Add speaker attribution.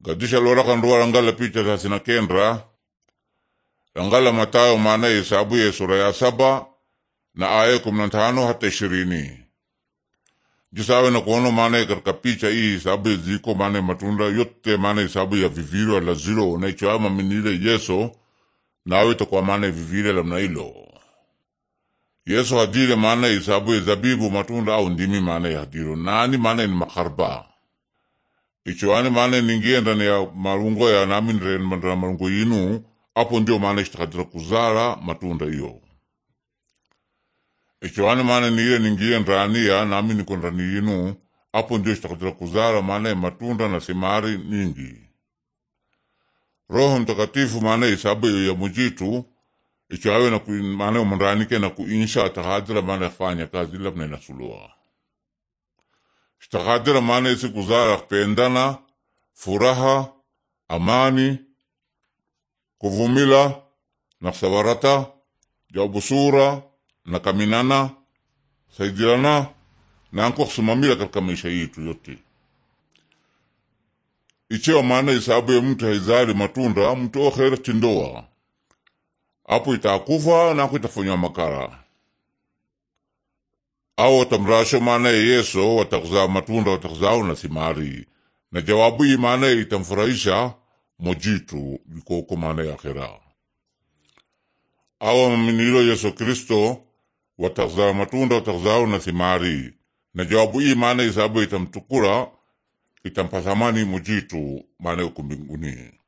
Speaker 1: gadisha lora kandua langala picha thelathini na kenda langala Matayo maana hesabuye sura ya saba na aya kumi na tano hata ishirini jisawe na kuona maana katika picha hii hesabu ziko maana matunda yote maana hesabu ya viviro laziro naichoama maminile Yesu nawe takuwa maana vivire la mna ilo Yesu hadire maana hesabu ya zabibu matunda au ndimi maana ya hadiro nani maana ni makarba ichoane mane ningie ndani ya marungo ya nami nirendana marungo yinu apo ndio maana ichitakadira kuzala matunda iyo ichoane maana niile ningie ndani ya nami niko ndani yinu apo ndio ichitakadira kuzala mane matunda na simari ningi roho mtakatifu mane isabu iyo ya mujitu ichoawe maana umundranike na kuinsha atakadira mane fanya kazi ila mnainasulua Shtakadira maana isi kuzala kupendana, furaha, amani, kuvumila na kusabarata ja na kaminana saidilana na anko kusimamila katika maisha yetu yote. Ichewa maana isabu ya mtu haizari matunda mtu okhere chindoa apo itakufa nako itafunywa makara au watamrasho maanaye Yesu watakuzaa matunda watakuzao na simari na jawabu hii maanaye itamfurahisha mojitu vikoko maanaye akhera au aminilo Yesu Kristo watakuzaa matunda watakuzao na simari na jawabu hii maanaye isabu itamtukura itampathamani mojitu maanaye kumbinguni